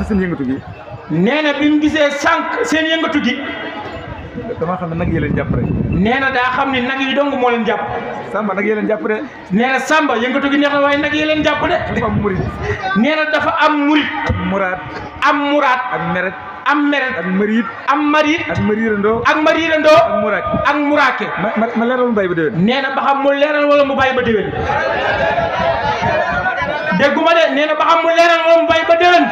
gis seen yëngatu gi. nee na bi mu gisee sànq seen yëngatu gi. damaa xam ne nag yi leen jàpp rek. nee na daa xam ne nag yi dong moo leen jàpp. Samba nag yi leen jàpp de. nee na Samba yëngatu gi neex na waaye nag yi leen jàpp de. dafa am murit. nee na dafa am murit. am muraat. am muraat. am meret. am meret ak mariit am mariit ak mariirandoo ak mariirandoo ak muraake ak muraake ma ma leeral mu bàyyi ba déwén nee na ba xam mu leeral wala mu bàyyi ba déwén dégguma de nee na ba xam mu leeral wala mu bàyyi ba déwén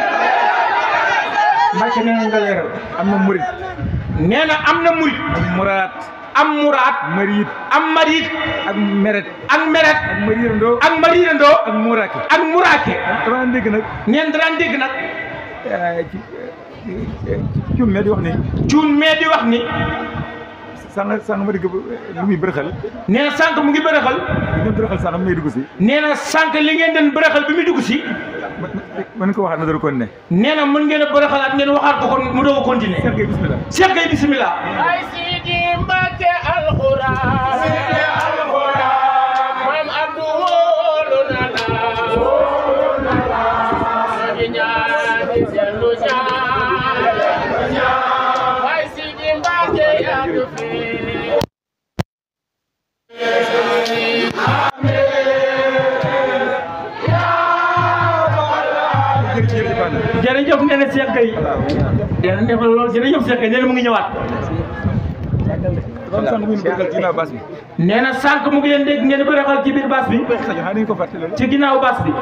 Mbacke nee na nga leeral am na murit nee am na murit am muraat am muraat mariit am mariit ak meret ak meret ak mariirandoo ak mariirandoo ak muraake ak muraake danaan dégg nag neen danaan dégg nag eh, eh, cuun mee di wax ni cuun mee di wax ni sànq sànq ma dégg lu mu ngi bërëxal li ngeen bërëxal sànq mu ngi dugg si nee na sànq li ngeen den bërëxal bi muy dugg si mën ko waxaat na door a continuer. nee na mën ngeen a bëri xalaat ngeen waxaat ko kon mu doog a continuer. Cheikh Gueye bisimilah. Cheikh Gueye bisimilah. yàlla neex na lool jërëjëf Seck nee na mu ngi ñëwaat. kon sànq mu ngi bëggal ginnaaw baas bi. nee na sànq mu ngi leen dégg ngeen di ko defal ci biir baas bi. ci ginnaaw baas bi.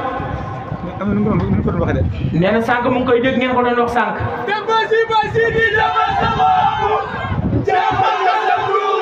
am na nu mu ko doon waxee de. nee na sànq mu ngi koy dégg ngeen ko doon wax sànq. dem ba si ba si di jamono. jamono.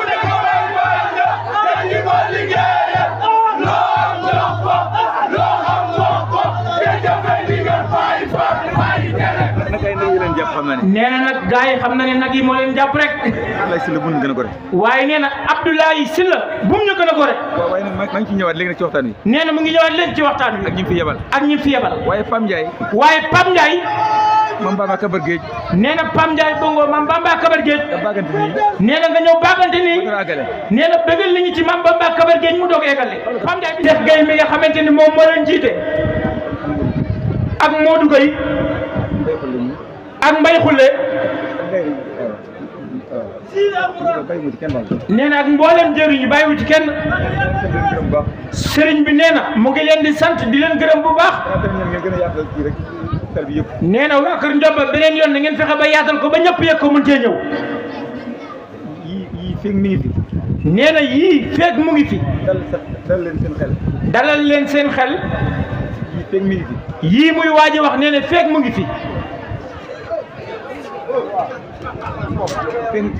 xam na na nag gars yi xam na ne nag yi moo leen jàpp rek Abdoulaye Sylla bu mu gën a gore waaye nee na Abdoulaye Sylla bu mu ñu gën a gore waaye nag ci ñëwaat léegi nag ci waxtaan nee na mu ngi ñëwaat léegi ci waxtaan wi ak ñi fi yebal ak ñi fi yebal waaye Pam Ndiaye waaye Pam Ndiaye mam Bamba Kabar Géej nee na Pam Ndiaye Bongo mam Bamba Kabar Géej bagante nii nee na nga ñëw bagante nii nee na bëggal nañu ci ma Bamba Kabar Géej mu doog eggale Pam Ndiaye bi def gay mi nga xamante ni moom moo leen jiite ak Modou Gueye ak mbay xulle nee na ak mboolem jëriñu bàyyiwu ci kenn sëriñ bi nee na mu ngi leen di sant di leen gërëm bu baax nee na waa kër Ndiobba beneen yoon na ngeen fexe ba yaatal ko ba ñëpp yëg ko mën cee ñëw yii feeg mu ngi yii feeg mu ngi fi dalal leen seen xel dalal leen seen xel yii muy waaj wax nee na mu ngi fi pink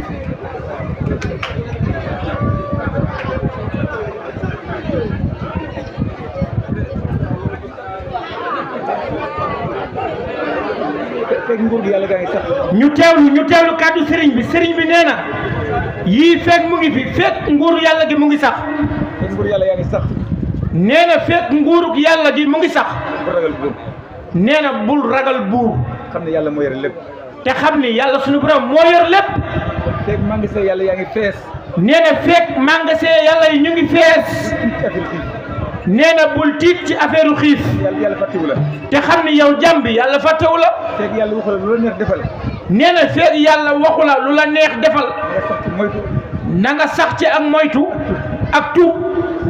fekk nguur gi yàlla gaa ngi sax ñu teewlu ñu teewlu kàddu sëriñ bi sëriñ bi nee na yii fekk mu ngi fi fekk nguur yàlla gi mu ngi sax fekk nguur yàlla yaa ngi sax nee na fekk nguurug yàlla gi mu ngi sax nee na bul ragal buur xam ne yàlla moo yore lépp te xam ni yàlla suñu borom moo yor lépp. yàlla yaa ngi fees. nee na feeg magasin yàlla yi ñu ngi fees. nee na bul tiit ci affaire xiif. yàlla fàttewu la. te xam ni yow jàmm bi yàlla fàttewu la. feeg yàlla waxu la lu la neex defal. nee na feeg yàlla waxu la lu la neex defal. na nga sax ci ak moytu. ak tuub.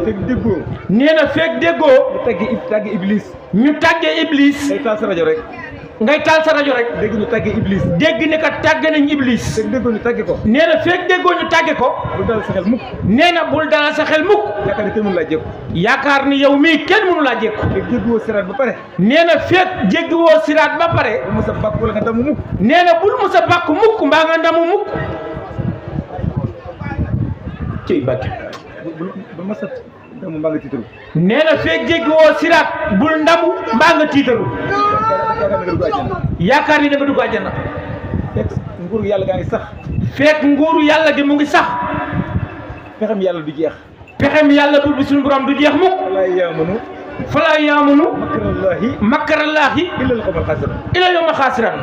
feeg déggoo. nee na feeg déggoo. ñu tàggee Iblis. ñu tàggee Iblis. day ngay taal sa rajo rek. dégg ñu tàgge Iblis. dégg ne ko tàgge nañ Iblis. fekk déggoo ñu tàgge ko. nee na fekk déggoo ñu tàggee ko. bul dalal sa xel mukk. sa xel mukk. yaakaar ni kenn mënu laa yaakaar ni yow mii kenn mënu laa jékku. fekk ba pare. neena na fekk woo siraat ba pare. bul mës a bàkk wala nga damu mukk. nee na bul mës a bàkk mukk mbaa nga damu mukk. ndamu mbaa nga na feeg siraat bul ndamu mbaa nga tiitaru. yaakaar ni dafa dugg àjjana. fekk nguuru yàlla gaa ngi sax. fekk nguuru yàlla gi mu ngi sax. pexem yàlla du jeex. pexem yàlla bu suñu borom du jeex mukk. falaa yaamunu. falaa yaamunu. makarallaahi. makarallaahi. ilal xawma xaasiran. ilal xawma xaasiran.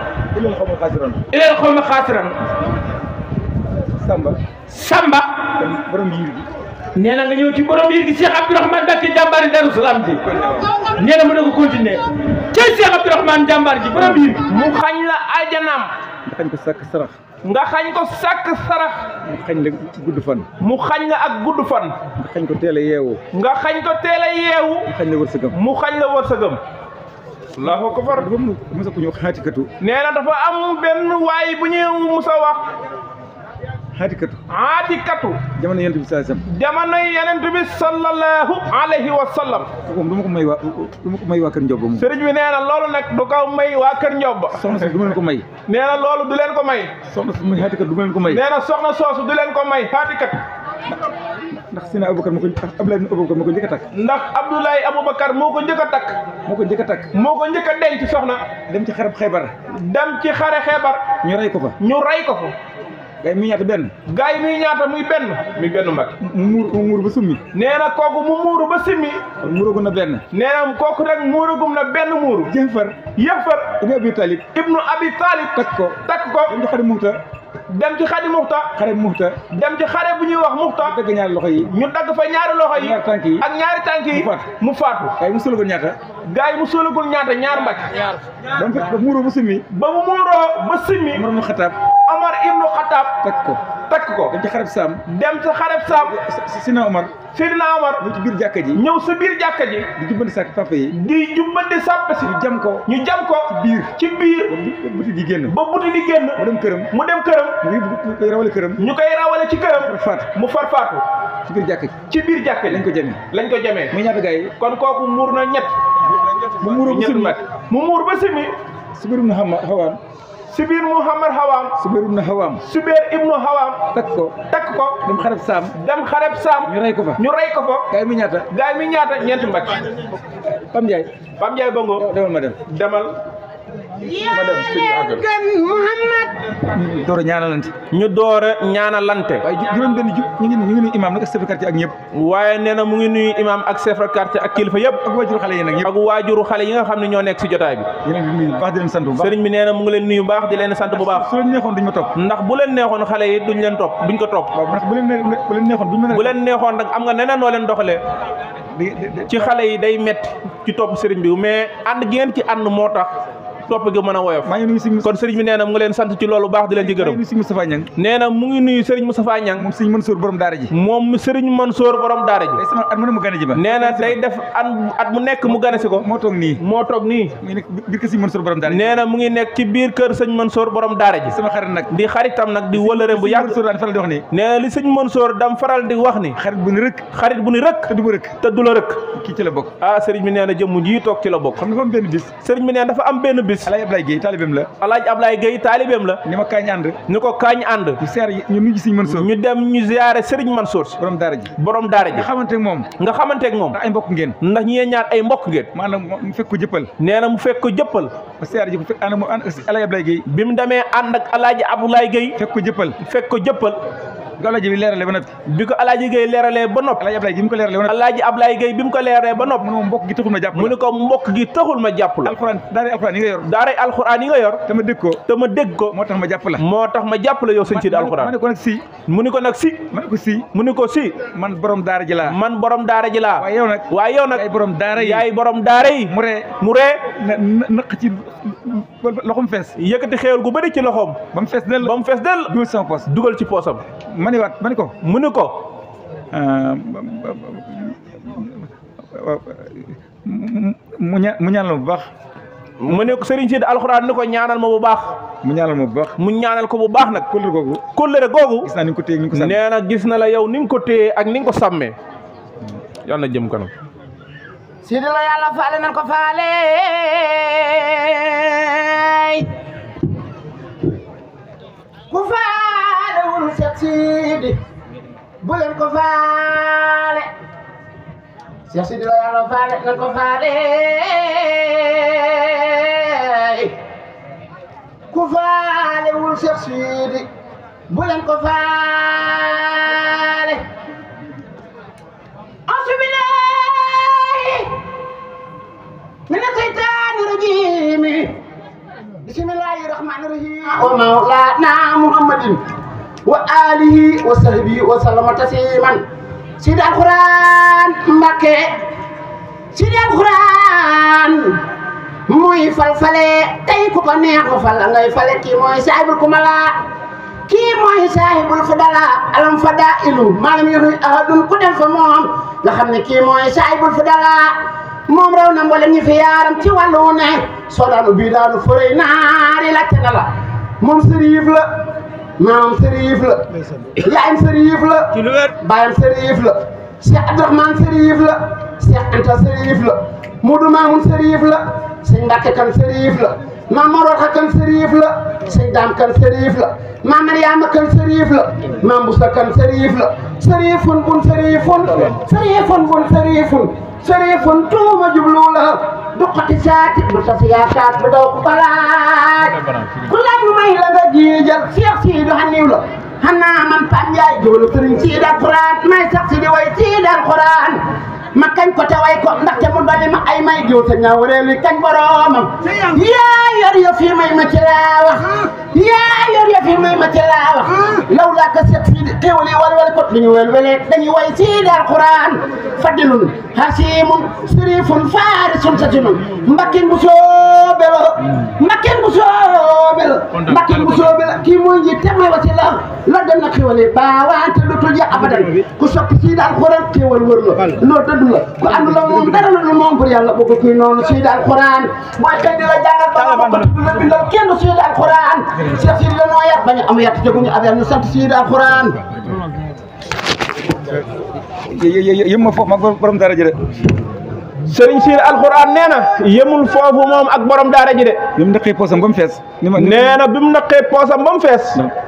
ilal xawma xaasiran. xaasiran. Samba. Samba. borom yiir gi. nee na nga ñëw ci borom yéen gi Cheikh Abdourahmane Mbacké jàmbaari Darou Salam ji nee na mu a ko continuer ca Cheikh Abdourahmane jàmbaar ji borom yéen mu xañ la ajanam nga xañ ko sàkk sarax nga xañ ko sàkk sarax mu xañ la gudd fan mu xañ la ak gudd fan nga xañ ko teel a yeewu nga xañ ko teel a yeewu mu xañ la wërsëgam mu xañ la wërsëgam allahu akbar dafa musa ku ñëw xaatikatu nee na dafa am benn waay bu ñëw musa wax xaatikatu xaatikatu jamono yonent bi sallallahu alayhi wa sallam jamono yonent bi sallallahu alayhi wa sallam kooku moom du ma ko may waa du ma ko may waa kër Ndiob moom sëriñ bi nee na loolu nag du ko may waa kër Ndiob soxna si du ma leen ko may nee na loolu du leen ko may soxna si may xaatikatu du ma leen ko may nee na soxna soosu du leen ko may xaatikatu ndax sina Aboubacar moo ko Abdoulaye Aboubacar moo njëkk a takk ndax Abdoulaye moo ko njëkk a takk moo ko njëkk a takk moo ko njëkk a denc soxna dem ci xarab xeebar dem ci xare xeebar ñu rey ko fa ñu rey ko fa gay muy ñaata benn gay muy ñaata muy benn muy benn mbag mu muur mu muur ba summi nee na kooku mu muuru ba simmi muuragum na benn nee na kooku nag muuragum na benn muuru jëfar yëfar ibnu abi talib ibnu abi talib takk ko takk ko dañ ko xam muuta dem ci xadi muxta xare muxta dem ci xare bu ñuy wax muxta ñu dagg ñaari loxo yi ñu dagg fa ñaari loxo yi ak ñaari tànk yi ak ñaari tànk yi mu faatu gaay mu solagul ñaata gaay mu solagul ñaata ñaar mbàcc ba mu muuroo ba simmi ba mu muuroo ba simmi Omar ibnu Xataab Omar ibnu Xataab teg ko takk ko dem ci xarab saam dem ci xarab saam Sidina Omar Sidina Omar ñëw ci biir jàkka ji ñëw sa biir jàkka ji di jubbanti sàkk papa yi di jubbanti sàpp si ñu jam ko ñu jam ko biir ci biir ba buti di génn ba buti di génn mu dem këram mu dem këram ñu koy rawale këram ñu koy rawale ci këram faatu mu far faatu ci biir jàkka ji ci biir jàkka ji lañ ko jamee lañ ko jamee muy ñaata gars yi kon kooku muur na ñett mu muur ba simi mu muur ba simi si biirum na xama Subayr mu Muhammad Hawaam. Subayr ibnu Hawaam. Subayr ibnu Hawaam. takk ko takk ko. dem xareb saam. dem xareb saam. ñu rey ko fa ñu rey ko fa. gaay mi ñaata. gaay mi ñaata ñeenti mbagg. Pam Ndiaye. Pam Ndiaye Bongo. demal ma dem demal. yaa gën Muhammad. door a ñaanalante. ñu door a ñaanalante. waaye juróom benn ju ñu ngi ñu ngi nuyu imaam nag ak chef de ak ñëpp. waaye nee na mu ngi nuyu imaam ak chef de quartier ak kilifa yëpp. ak waajuru xale yi nag yëpp. ak waajuru xale yi nga xam ne ñoo nekk si jotaay bi. baax di leen nee na mu ngi leen nuyu baax di leen sant bu baax. su leen neexoon duñ ma topp. ndax bu leen neexoon xale yi duñ leen topp duñ ko topp. ndax bu leen neexoon bu leen neexoon nag am nga neneen noo leen doxalee ci xale yi day metti ci topp sëriñ bi mais ànd gi ngeen ci ànd moo tax topp gi mën a woyof kon sëriñ bi nee mu ngi leen sant ci loolu baax di leen ci gërëm nee na mu ngi nuyu sëriñ Moustapha Niang moom moom sëriñ Mansour borom daara ji day def at mu nekk mu gane ko moo toog nii moo toog nii mu ngi nekk ci biir kër sëñ Mansour borom daara ji sama di xaritam li sëñ Mansour dam faral di wax ni xarit bu ni rëkk xarit bu ni rëkk te du la rëkk kii ci la bokk ah sëriñ bi nee na jëmm ji toog ci la bokk gis alaaj Ablaye Gueye taalibeem la alaaj Ablaye Gueye taalibeem la ni ma kaañ ànd ni ko kaañ ànd ñu seer ñu nuyu Sëriñ Mansour ñu dem ñu ziyaare Sëriñ Mansour si borom daara ji borom daara ji nga xamante moom nga xamante ak moom ndax ay mbokk ngeen ndax ñee ñaar ay mbokk ngeen maanaam mu fekk ko jëppal nee na mu fekk ko jëppal ba seer ji ko fekk ànd mu ànd alaaj Ablaye Gueye bi mu demee ànd ak alaaj Ablaye Gueye fekk ko jëppal fekk ko jëppal alaaji bi leeralee ba noppi bi ko alaaji Gueye leeralee ba noppi alaaji Ablaye bi mu ko leeralee ba noppi alaaji Ablaye Gueye bi mu ko leeralee ba noppi mu ne ko mbokk gi taxul ma jàpp mu ne ko mbokk gi taxul ma jàpp la alxuraan daaray alxuraan yi nga yor daaray alxuraan yi nga yor te ma dégg ko te ma dégg ko moo tax ma jàpp la moo tax ma jàpp la yow sëñ si di alxuraan mu ne ko nag si mu ne ko nag si mu ne ko si mu ne ko si man borom daara ji laa man borom daara ji laa waaye yow nag waaye yow nag yaay borom daara yi yaay borom daara yi mu ree mu ree naq ci loxom fees yëkkati xéewal gu bëri ci loxom ba mu fees dell ba mu fees dell dugal sama poos dugal ci poosam ma ni waat ma ni ko mu ni ko ehm, mu ña mu bu baax mu ne Serigne Sidi alxuraan ni ko ñaanal ma bu baax mu ñaanal ma bu baax mu ñaanal ko bu baax nag kóllëre googu kóllëre googu gis naa ni nga na gis na la yow ni ko téye ak ni ko sàmmee yal yàlla faale nan ko faale turu Seex Sidi bu leen ko faale Seex Sidi la yàlla faale na ko faale ku faale wul Seex Sidi bu leen ko faale asubilaahi mina seytaani rajiimi bismillaahi rahmaani rahiim wa mawlaana muhammadin wa alihi wa sahbihi wa sallama tasliman sidi alquran Mbakke sidi alquran muy falfale tey ko neex mu fal ngay fale kii mooy saahibul kumala kii mooy saahibul fudala alam fada ilu malam yoxuy ahadun ku dem fa moom nga xam ne kii mooy saahibul fudala moom raw na mboolem ñi yaaram ci wàllu ne soo daanu bii daanu fërëy naari la te na la moom sëriif la maamam sëriif la yaayam sëriif la baayam sëriif la Cheikh Abdourahmane sëriif la Cheikh Anta sëriif la Modou Mamoun sëriif la sëñ Mbàkke kan sëriif la maam Moroxa kan sëriif la sëñ Daam kan sëriif la maam Mariama kan sëriif la maam Busa kan sëriif la sëriifun bun sëriifun sëriifun bun sëriifun sëriifun tuuma jublu la duqati saati bu sa siyaakaat bu daw ku balaaj ku laaj lu may la nga jiijal seex sii du xaniw la xanaa man Pape Ndiaye joolu sëriñ sii dal Quraan may sax si di way sii dal Quraan ma kañ ko te way ko ndaxte mu doli ma ay may diw te ñaawareelu kañ boroomam yaa yor yo ma ci laa wax yaa yor yo fii may ma ci laa wax law laa ko set fii xéwal yi walwal ko duñu way sii daal quraan fadilun hasimun sirifun faarisun satinun mbakkin bu soobelo mbakkin bu soobelo mbakkin bu soobelo kii mooy njiit te may wasi la la dem na xéwal yi baawaante abadan ku soppi sii daal quraan xéwal wër ku àdduna moom dara la moom pour yàlla boobu kuy noonu suy daal xuraan mooy xëy di la jàngal ba ba la bindal kenn suy daal xuraan Cheikh Sidi la noo yar am yàtt jóguñu affaire ñu sant suy daal xuraan yëm ma foofu borom dara ji de sëriñ Siir alxuraan nee na yemul foofu moom ak borom daara ji de. bi mu naqee poosam ba mu fees. nee bi mu naqee poosam ba fees.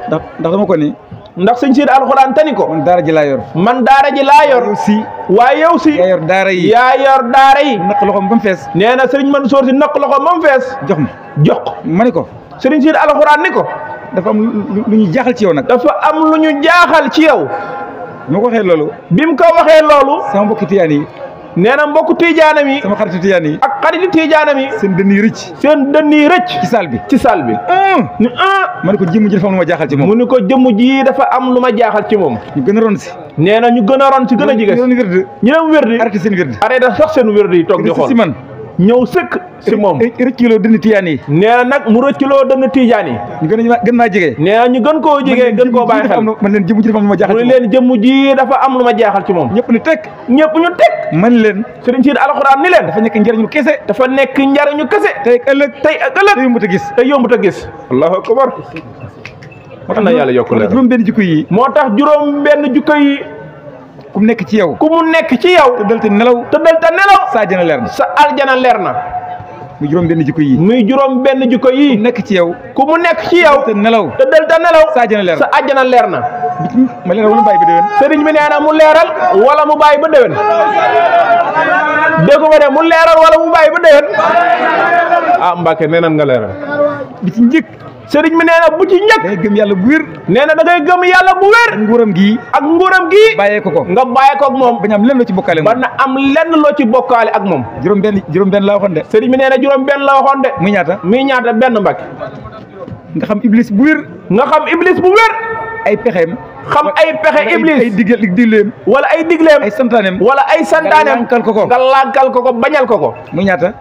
ndax ndax ko nii. ndax sëñ Sidi alxuraan tani ko. man daara ji laa yor. man daara ji laa yor. waa yow si. yaa yor daara yi yaa yor daara yi. naq loxoom ba mu fees. nee na sëriñ Mansour si naq loxo ba mu fees. jox ma jox ko. ma ni ko. sëriñ Sidi alxuraan ni ko. dafa am lu ñu jaaxal ci yow nag. dafa am lu ñu jaaxal ci yow. mu ko waxee loolu. bi mu ko waxee loolu. sama mbokki tiyaan yi. nee na mbokku tijaanam yi sama xaritu tijaan yi ak xaritu tijaanam yi seen dënn yi rëcc seen dënn yi rëcc ci saal bi ci saal bi ni ah ma ko jëmm ji dafa am lu ma jaaxal ci moom mu ne ko jëmm ji dafa am lu ma jaaxal ci moom ñu gën a ron si nee na ñu gën a ron si gën a jige ñu leen seen wérdi sax seen wérdi yi toog di xool man ñëw sëkk si moom rëcciloo dënn tijaan yi nee na nag mu rëcciloo dënn tijaan yi ñu gën a gën maa jege nee na ñu gën koo jege gën koo bàyyi man leen jëmm ji dafa am lu ma jaaxal mu ne leen jëmm ji ni teg ñëpp ñu teg man leen sëriñ siin alxuraan ni leen dafa nekk njariñu kese dafa nekk njariñu kese tey ak ëllëg tey ak ëllëg te yombut a gis te yombut a gis allahu akbar moo tax juróom benn jikko yi moo tax juróom ku nekk ci yow. ku mu nekk ci yow. te nelaw. te dal ta nelaw. sa aljana leer na. sa aljana leer na. muy juróom benn jikko yi. muy juróom benn jikko yi. nekk ci yow. ku mu nekk ci yow. te nelaw. te dal te nelaw. sa aljana leer na. sa aljana leer na. ma leeral mu bàyyi ba déwén. sëriñ bi nee na mu leeral. wala mu bàyyi ba déwén. dégg nga de mu leeral wala mu bàyyi ba déwén. ah Mbacke nee nga leeral. bi ci sëriñ bi nee na bu ci njëkk day gëm yàlla bu wér nee na da ngay gëm yàlla bu wér nguuram gii ak nguuram gi bàyyee ko ko nga bàyyee ko moom bañ am lenn loo ci bokkaale na am lenn loo ci bokkaale ak moom juróom benn juróom benn la waxoon de sëriñ bi nee na juróom benn la waxoon de muy ñaata muy ñaata nga xam iblis bu wér nga xam iblis bu wér ay pexeem xam ay pexe iblis ay digal digleem wala ay digleem ay wala ay santaaneem nga lànkal ko ko nga lànkal ko ko bañal ko ko muy ñaata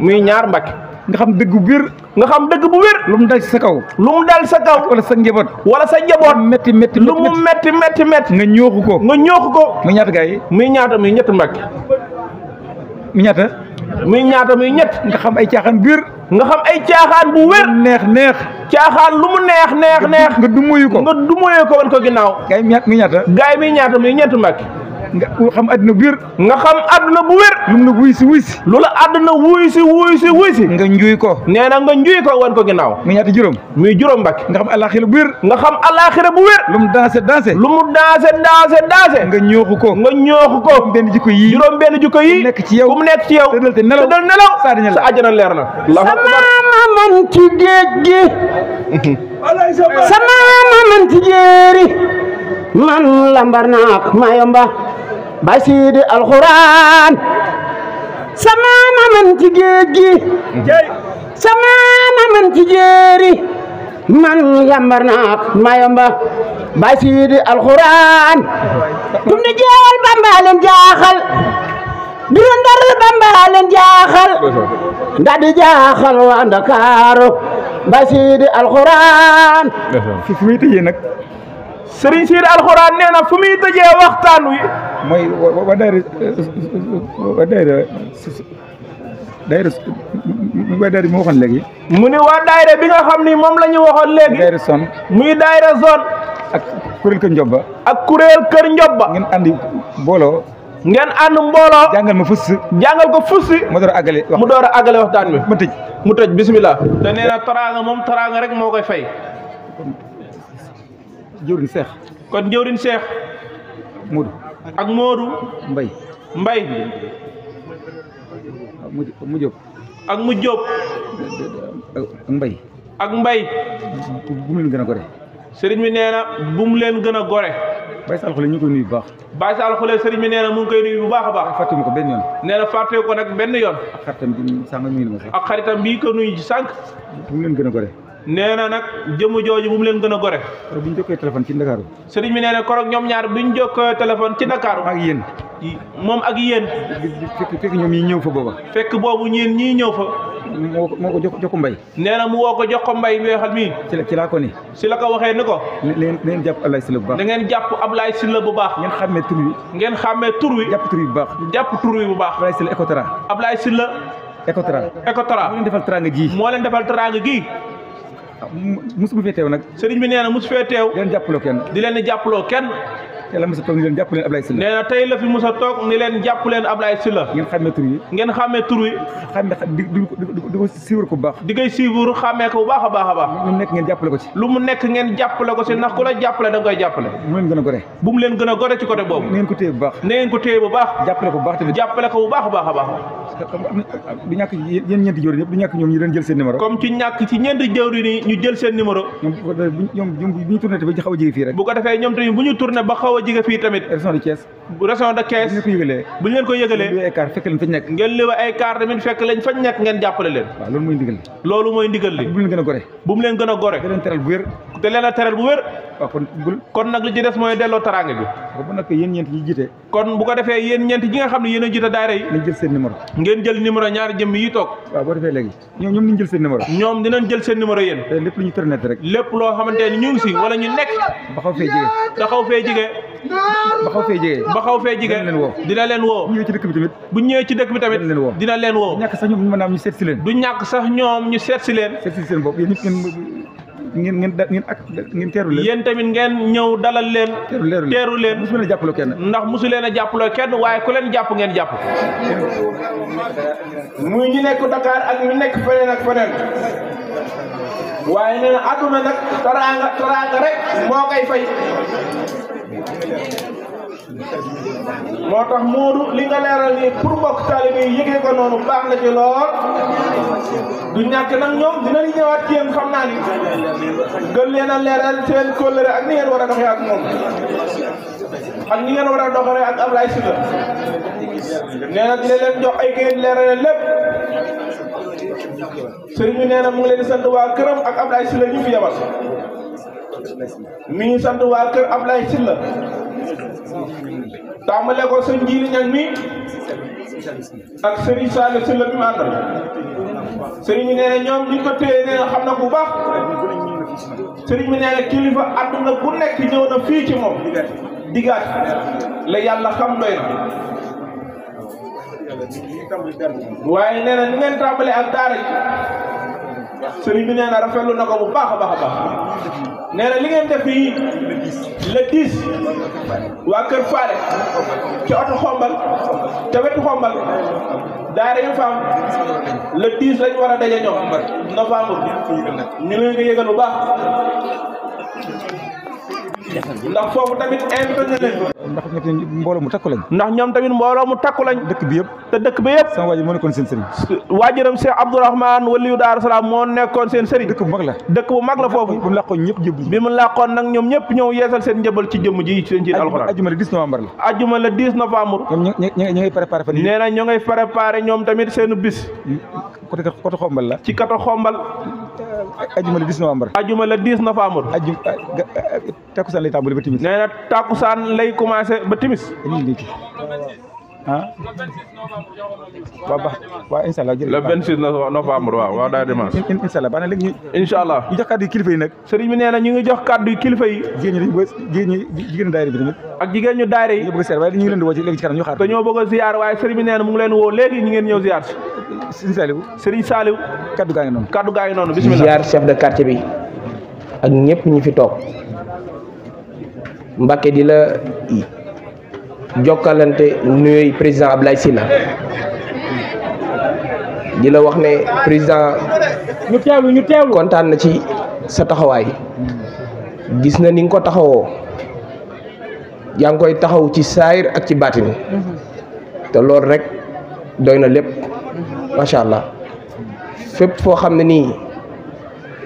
muy ñaar Mbàkke nga xam dëgg bu nga xam dëgg bu wér lu mu dal sa kaw lu mu dal sa kaw wala sa njaboot wala sa njaboot métti métti lu mu métti métti métti nga ñooxu ko nga ñooxu ko muy ñaata gars yi muy ñaata muy ñett mbàkk muy ñaata muy ñett nga xam ay caaxaan biir nga xam ay caaxaan bu wér neex neex caaxaan lu mu neex neex neex nga du muyu ko nga du muyu ko wan ko ginnaaw gars yi muy ñaata gars muy ñaata muy ñett mbàkk nga xam àdduna bu wér nga xam àdduna bu wér lu mu la wuy si wuy si lu la àdduna wuy si wuy si wuy si nga njuuy ko nee na nga njuuy ko wan ko ginnaaw muy ñaata juróom muy juróom mbàkk nga xam alaxira bu wér nga xam alaxira bu wér lu mu dansé dansé lu mu dansé dansé dansé nga ñooxu ko nga ñooxu ko juróom jikko yi juróom benn jikko yi nekk ci yow ku mu nekk ci yow tëddal te nelaw tëddal sa àjjana leer na sama man ci géej gi sama man ci jéeri man lambar naa ak mayomba basiidi alxuraan sama na man ci géej gi sama na man ci jéeri man yambar naa ma yamba basiidi alxuraan tum di jeewal bamba leen jaaxal duru ndar bamba leen jaaxal nda di jaaxal waa ndakaaru basiidi alxuraan fi muy tëjee nag sëriñ siidi nee na fu muy tëjee waxtaan wi mooy wa daayira wa daayira waxoon léegi. mu ni waa daayira bi nga xam ni moom la ñu waxoon léegi. daayira son muy daayira son. ak kuréel kër Ndiobba. ak kuréel kër Ndiobba. ngeen andi booloo. ngeen ànd mbooloo. jàngal ma fus. jàngal ko fus. mu door a mu door a àggale waxtaan bi. mu tëj mu tëj bisimilah. te nee na taraanga moom taraanga rek moo koy fay. kon jëwriñ kon jëwriñ Cheikh. ak Modou. Mbay Mbay. Ah, ak mu mu Diop. ak mu Diop. ak Mbay. ak Mbay. bu mu leen gën a gore. sëriñ bi nee na bu mu leen gën a gore. Baye Sall Khoule ñu ngi koy nuyu bu baax. Baye Sall Khoule sëriñ bi nee mu ngi koy nuyu bu baax a baax. fàttewu ko benn yoon. nee na fàttewu ko nag benn yoon. ak xaritam bi sànq nuyu na ma sax. bii ko nuyu ci sànq. bu mu leen gën a gore. nee na nag jëmu jooju bu mu leen gën a gore. keroog bi ñu jokkoo téléphone ci Dakar. sëriñ mi nee na keroog ñoom ñaar bi ñu jokkoo téléphone ci Dakar. ak yéen. moom ak yéen. fekk ñëw fa booba. fekk boobu ñeen ñii ñëw fa. moo ko moo ko mbay. nee na mu woo ko jox ko mbay weexal mii. ci la ci laa ko si la ko waxee ni ko. na ngeen jàpp Ablaye Sylla bu baax. da ngeen jàpp Ablaye Sylla bu baax. ngeen xàmmee tur ngeen xàmmee tur wi. bu baax. jàpp tur bu baax. Ablaye Sylla Ecotra. Ablaye Sylla. Ecotra. Ecotra moo leen defal teraanga ji. moo leen defal teraanga gi. musu bu fee teew nag. sëriñ bi nee na musu fee teew. di leen jàppaloo kenn. di leen jàppaloo kenn. tey la mos a toog ni leen jàpp leen Ablaye Sylla nee na tey la fi mos a toog ni leen jàpp ngeen xàmmee tur yi ngeen xàmmee tur yi xàmmee di ko suivre ko ku la jàppale da nga koy jàppale bu mu leen gën a gore bu mu leen gën a gore ci côté boobu na ko téye bu baax na ngeen ko bu baax baax baax baax a baax du ñàkk yéen ñeenti jëwriñ yëpp ñu jël seen numéro comme ci ñàkk ci ñeenti jëwriñ yi ñu jël seen numéro ñoom bu ñu tourné ba xaw a jege fii rek bu ko defee xaw a fii tamit région de Thiès région de Thiès bu ñu leen ko bu ñu leen ko yëgalee ngeen liwa ay kaar fekk lañ fañ nekk ngeen liwa ay kaar tamit fekk lañ fañ nekk ngeen jàppale leen waaw loolu mooy ndigal loolu mooy ndigal li bu mu leen gën a gore bu mu leen gën a gore te leen teral bu wér te leen a teral bu wér kon bul kon nag li ci des mooy delloo taraanga gi bu nag yéen ñeent yi jiite kon bu ko defee yen ñeent yi nga xam ne yéen a jiite daayira yi nañ jël seen numéro ngeen jël numéro ñaari jëmm yi toog waaw boo defee léegi ñoom ñoom nañ jël seen numéro ñoom dinañ jël seen numéro yéen lépp lu ñu tërnet lépp loo xamante ni ñu ngi si wala ñu nekk ba xaw fee jigee ba xaw fee jigee ba xaw fee jigee ba xaw fee jigee leen woo dina leen woo bu ñëwee ci dëkk bi tamit bu ñëwee ci dëkk bi tamit leen woo dina leen woo ñàkk sax ñoom ñu a am ñu seet si leen du ñàkk sax ñoom ñu seet si leen seet si seen bopp ngeen ngeen ngeen ak ngeen teeru leen yéen tamit ngeen ñëw dalal leen teeru leen musu leen a jàppaloo kenn ndax musu leen a jàppaloo kenn waaye ku leen jàpp ngeen jàpp muy ñi nekk dakaar ak ñu nekk feneen ak feneen waaye nee na àdduna nag taraanga taraanga rek moo koy fay moo tax Modou li nga leeral nii pour mbokk taalibe yi ko noonu baax na ci du ñàkk nag ñoom dinañ ñëwaat ci yéen xam naa ni gën leen a leeral seen kóllëre ak ni ngeen war a doxee ak moom ak ni ngeen war a doxalee ak Ablaye Sylla nee na dina leen jox ay kayit leerale lépp sëriñ bi nee na mu ngi leen sant waa këram ak Ablaye Sylla ñu fi yabal mi sant waa kër Ablaye Sylla tàmbale ko sëñ Ndiéli Niang mi ak Serigne Saliou si la ñu àndal Serigne bi ñoom ñu ko téye nee xam na bu baax Serigne bi nee na kilifa àdduna bu nekk ñëw na fii ci moom digaat la yàlla xam doy na. waaye nee na ni ngeen tàmbalee sëriñ daara ji Serigne na rafetlu na ko bu baax a baax a baax. nee na li ngeen def fii le 10 waa Kër Faale ci oto xombal te wetu xombal daara yu faam le 10 lañ war a daje ñoom novembre ñu leen ko yëgal bu baax ndax foofu tamit invité leen ndax ñoom mbooloo mu takku lañ ndax ñoom tamit mbooloo mu takku lañ dëkk bi yëpp te dëkk bi yëpp sama waajur moo nekkoon seen sëriñ waajuram Cheikh Abdourahmane waliyu Daaru moo nekkoon seen sëriñ dëkk bu mag la dëkk bu mag la foofu bi mu làqoon ñëpp jëbal bi mu làqoon nag ñoom ñëpp ñëw yeesal seen njëbal ci jëmm ji seen ci alxuraan ajuma le 10 novembre la ajuma le 10 novembre ñoom nee na ñu ngay ñoom tamit seenu bis côté côté xombal la. ci côté xombal. ajuma le 10 novembre. ajuma le 10 novembre. aju ah, ah, takkusaan lay tàmbali ba timis. nee na takkusaan lay commencé ba timis. ah waaw baax waaw incha allah jërëjëf le 26 novembre waaw waaw daal dimanche incha allah baax allah ñu jox kàddu yi kilifa yi nag sëriñ bi nee na ñu ngi jox kàddu yi kilifa yi jigéen ñi jigéen ñi jigéen bi tamit ak jigéen ñu daayira yi ñu bëgg a ziar waaye leen di woo ci léegi ci a ziar leen woo léegi ñu ngeen ñëw ziar sëriñ Saliou sëriñ gaa ngi noonu kàddu gaa ngi noonu bismillah ziar chef de quartier bi ak ñëpp ñi fi toog Mbacke di jokkalante nuyu président Ablaye Sylla na dina wax ne président ñu kontaan na ci sa taxawaay gis na ni nga ko taxawoo yaa koy taxaw ci saayir ak ci baatin mhm. te loolu rek doy na lépp mhm. macha allah fépp foo xam ne nii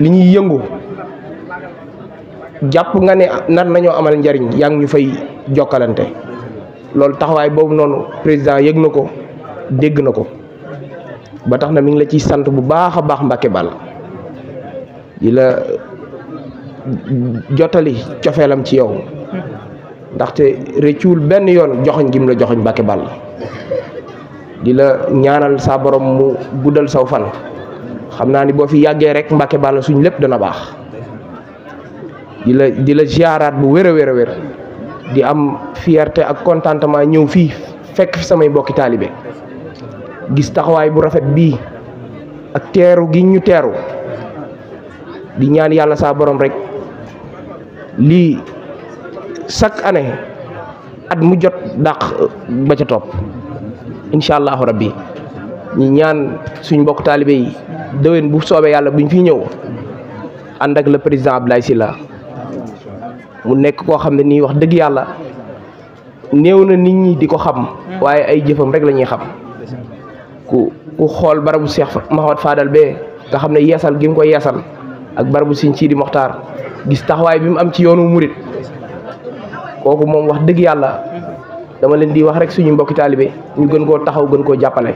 li ñuy yëngu jàpp nga ne nar nañoo amal njariñ yaa ñu fay jokkalante loolu taxawaay boobu noonu président yëg na ko dégg na ko ba tax na mi ngi la ciy sant bu baax a baax Mbàkke Balla di la jottali cofeelam ci yow ndaxte rëccuwul benn yoon joxoñ gim la joxoñ Mbàkke Balla di la ñaanal saa borom mu guddal saw fan xam naa ni boo fi yàggee rek Mbàkke Balla suñ lépp dana baax di la di la ziaraat bu wér a wér a wér di am fierté ak contentement ñëw fii fekk fi samay bokki taalibe gis taxawaay bu rafet bii ak teeru gi ñu teeru di ñaan yàlla saa borom rek lii chaque année at mu jot dàq ba ca topp incha allahu rabbi ñi ñaan suñ mbokk taalibe yi déwén bu soobee yàlla buñ fi ñëw ànd ak le président Abdoulaye Sylla mu nekk koo xam ne nii wax dëgg yàlla néew na nit ñi di ko xam waaye ay jëfam rek la ñuy xam ku xool barabu Cheikh Mahmoud Fadal bee nga xam ne yeesal gi mu ko yeesal ak barabu Sëñ di Moxtaar gis taxawaay bi mu am ci yoonu murit kooku moom wax dëgg yàlla dama leen di wax rek suñu mbokki taalibe ñu gën koo taxaw gën koo jàppale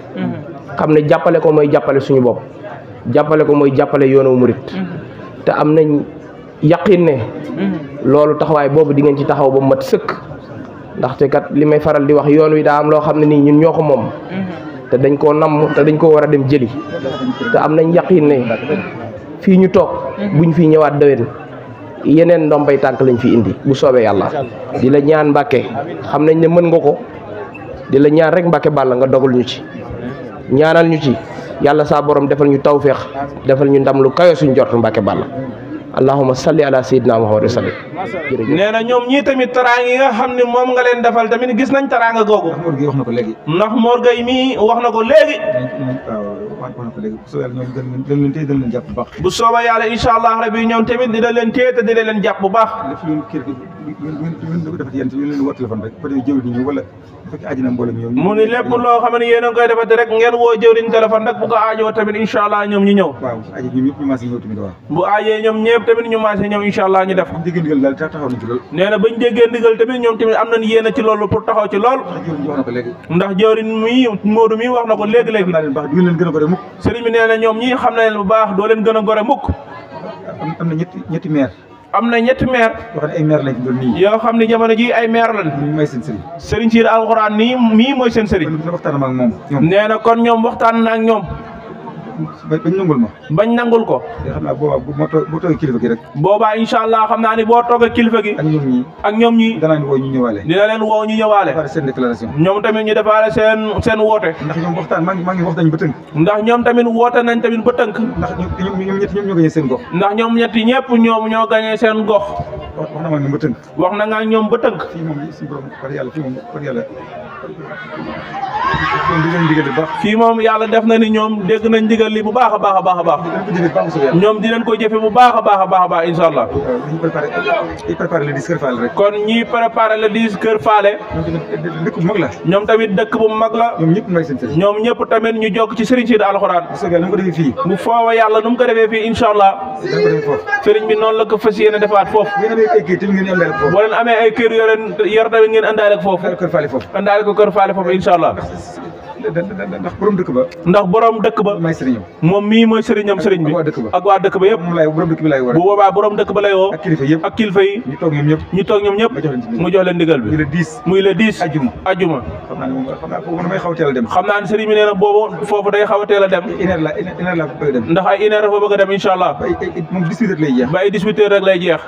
xam ne jàppale ko mooy jàppale suñu bopp jàppale ko mooy jàppale yoonu murit te am nañ yaqin ne hmm. loolu taxawaay boobu di ngeen ci taxaw ba mat sëkk ndaxte kat li may faral di wax yoon wi daa am loo xam ne nii ñun ñoo ko moom hmm. te dañ koo namm te dañ koo war a dem jëli te am nañ yaqin ne fii ñu toog hmm. buñ fi ñëwaat dawen yeneen ndombay tànk lañ fi indi bu soobee yàlla di la ñaan mbàkke xam nañ ne mën nga ko di la ñaan rek mbàkke bàlla nga dogul ñu ci ñaanal ñu ci yàlla saa boroom defal ñu tawféex defal ñu ndam lu kayo suñ jort mbàkke bàlla allahuma salli ala sayyidina muhammad wa sallim nee na ñoom ñii tamit taraang yi nga xam ne moom nga leen defal tamit gis nañ taraanga googu wax na ko léegi ndax Mor Gueye mii wax na ko léegi bu sooba yàlla incha allah rabi ñoom tamit dina leen téye te dina leen jàpp bu baax ñun ñu ko defati yéen mi mu loo xam ne yéen a ngi rek ngeen woo jëwriñ téléphone rek bu ko aajoo tamit incha allah ñoom ñu ñëw bu aajee ñoom ñëpp tamit ñu maase ñëw incha allah ñu def ko déggee ndigal daal na bañ déggee ndigal tamit ñoom tamit am nañ yéen a ci loolu pour taxaw ci lool ndax jëwriñ mi Moodu mi wax na ko léegi léegi sëriñ bi nee na ñoom ñi xam na bu baax doo leen gën a gore mukk am na ñetti ñetti meer am na ñetti maire yoo xam ne ay yoo xam ne jamono ji ay maire lañ mii mooy seen sëriñ sëriñ si alxuraan nii mii mooy seen sëriñ nee na kon ñoom waxtaan na ñoom bañ nangul ma bañ nangul ko xam naa boobaa boo toogee kilifa gi rek boobaa incha allah xam naa ni boo toogee kilifa gi ak ñoom ñi ak ñoom ñi dana leen woo ñu ñëwaale dina leen woo ñu ñëwaale defaale seen déclaration ñoom tamit ñu defaale seen seen woote ndax ñoom waxtaan maa ngi maa ngi ndax ñoom tamit woote nañ tamit ba tënk ndax ñoom ñett ñoom ñoo gañee seen gox ndax ñoom ñetti ñëpp ñoom ñoo gañee seen gox wax na ma ñoom ba tënk wax na nga ñoom ba tënk fii moom suñu fii moom yàlla def na ni ñoom dégg nañ ndigal li bu baax a baax a baax a baax ñoom dinañ ko jëfe bu baax a baax a baax baax insha allah kon ñii préparé le dix kër faale dëkk bu mag la ñoom tamit dëkk bu mag la ñoom ñëpp tamit ñu jokk ci sëriñ si da alxuraan bu yàlla nu ko defee fii insha allah sëriñ bi noonu la ko fas yéene defaat foofu boo leen amee ay kër yor yor tamit ngeen àndaale ko foofu àndaale ko kër faale foofu insha Justice ndax borom dëkk ba ndax borom dëkk ba may sëriñam moom mii mooy sëriñam sëriñ bi ak waa dëkk ba yëpp bu boobaa borom dëkk ba lay woo ak kilifa yëpp ak kilifa yi ñu toog ñoom ñëpp ñu toog ñoom ñëpp mu jox leen ndigal bi muy le dix ajuma xam naa ne sëriñ bi nee boobu foofu day xaw a teel a dem ndax ay une heure fa bëgg a dem incha ba ay dix rek lay jeex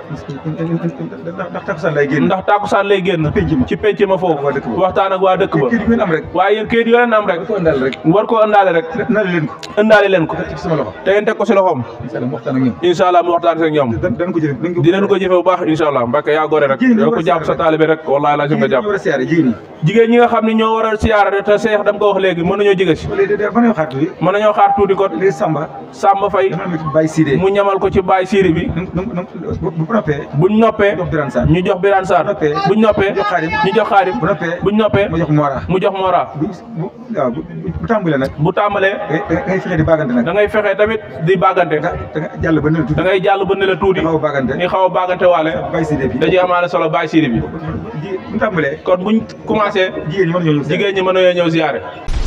ndax takusaan lay génn ci penc ma foofu waxtaan ak waa dëkk ba waaye yéen kayit yoo leen am am rek war koo ëndaale rek ëndaale leen ko ëndaale leen ko te ngeen teg ko si loxoom incha mu waxtaan ak ñoom di leen ko jëfe bu baax incha allah yaa gore rek yow ko jàpp sa taalibe rek wallaahi laa si nga jàpp jigéen ñi nga xam ne ñoo war a siyaara te seex dama ko wax léegi mën nañoo jige si mën nañoo xaar tuuti kon samba fay mu ñamal ko ci baay siiri bi buñ noppee ñu jox biraan saar noppee ñu jox xaarim buñ noppee mu jox moora waaw bu tàmbalee nag. bu tàmbalee. da ngay fexe di bàggante nag. da ngay fexe tamit di bàggante. da ngay jàll ba ne la tuuti. da ba ne tuuti. xaw a bàggante ni xaw a bàggante waale. bàyyi siide bi da ciy amaale solo bàyyi siide bi. bu tàmbalee. kon buñ commencé. jigéen ñi mën nañoo ñëw ziare jigéen ñi mën ñëw ziare.